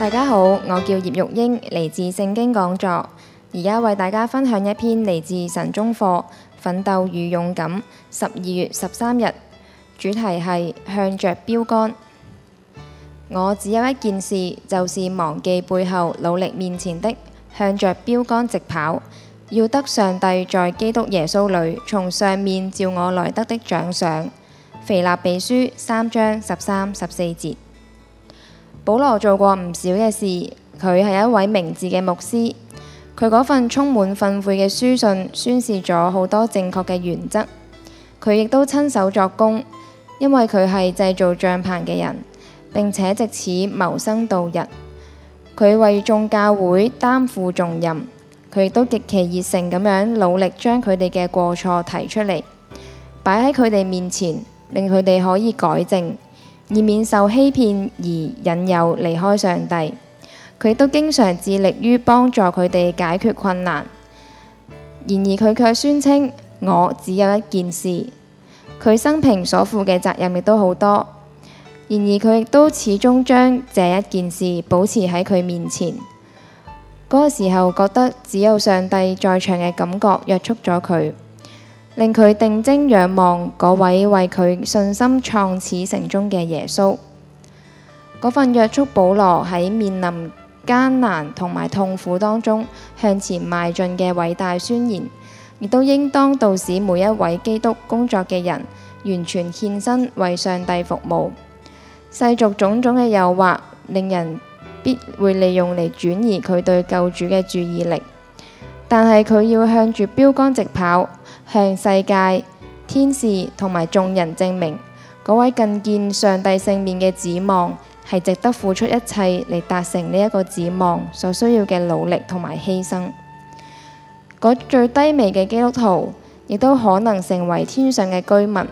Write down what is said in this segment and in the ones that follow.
大家好，我叫葉玉英，嚟自聖經講座，而家為大家分享一篇嚟自神中課《奮鬥與勇敢》，十二月十三日，主題係向着標竿。我只有一件事，就是忘記背後，努力面前的，向着標竿直跑。要得上帝在基督耶穌裏，從上面召我來得的獎賞。腓立比書三章十三、十四節。保羅做過唔少嘅事，佢係一位明智嘅牧師，佢嗰份充滿憤悔嘅書信宣示咗好多正確嘅原則。佢亦都親手作工，因為佢係製造帳棚嘅人，並且借此謀生度日。佢為眾教會擔負重任，佢亦都極其熱誠咁樣努力將佢哋嘅過錯提出嚟，擺喺佢哋面前，令佢哋可以改正。以免受欺騙而引誘離開上帝，佢都經常致力於幫助佢哋解決困難。然而佢卻宣稱：我只有一件事。佢生平所負嘅責任亦都好多。然而佢亦都始終將這一件事保持喺佢面前。嗰個時候覺得只有上帝在場嘅感覺約束咗佢。令佢定睛仰望嗰位為佢信心創始成終嘅耶穌，嗰份約束。保羅喺面臨艱難同埋痛苦當中向前邁進嘅偉大宣言，亦都應當導使每一位基督工作嘅人完全獻身為上帝服務。世俗種種嘅誘惑，令人必會利用嚟轉移佢對救主嘅注意力，但係佢要向住標杆直跑。向世界、天使同埋眾人證明，嗰位覲見上帝聖面嘅指望，係值得付出一切嚟達成呢一個指望所需要嘅努力同埋犧牲。嗰、那個、最低微嘅基督徒，亦都可能成為天上嘅居民，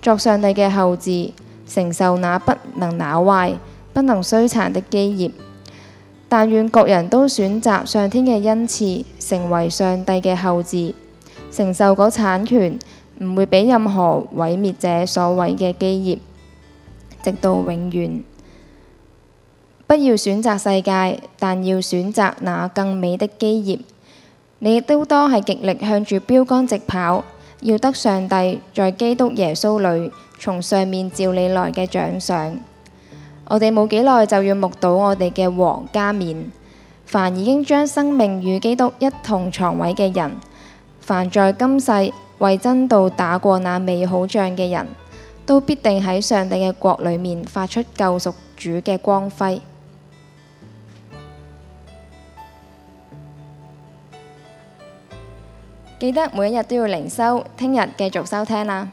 作上帝嘅後嗣，承受那不能朽壞、不能摧殘的基業。但願各人都選擇上天嘅恩賜，成為上帝嘅後嗣。承受嗰產權唔會俾任何毀滅者所毀嘅基業，直到永遠。不要選擇世界，但要選擇那更美的基業。你亦都當係極力向住標竿直跑，要得上帝在基督耶穌裏從上面召你來嘅獎賞。我哋冇幾耐就要目睹我哋嘅王加冕。凡已經將生命與基督一同床位嘅人。凡在今世為真道打過那美好仗嘅人，都必定喺上帝嘅國裏面發出救贖主嘅光輝。記得每一日都要靈修，聽日繼續收聽啦。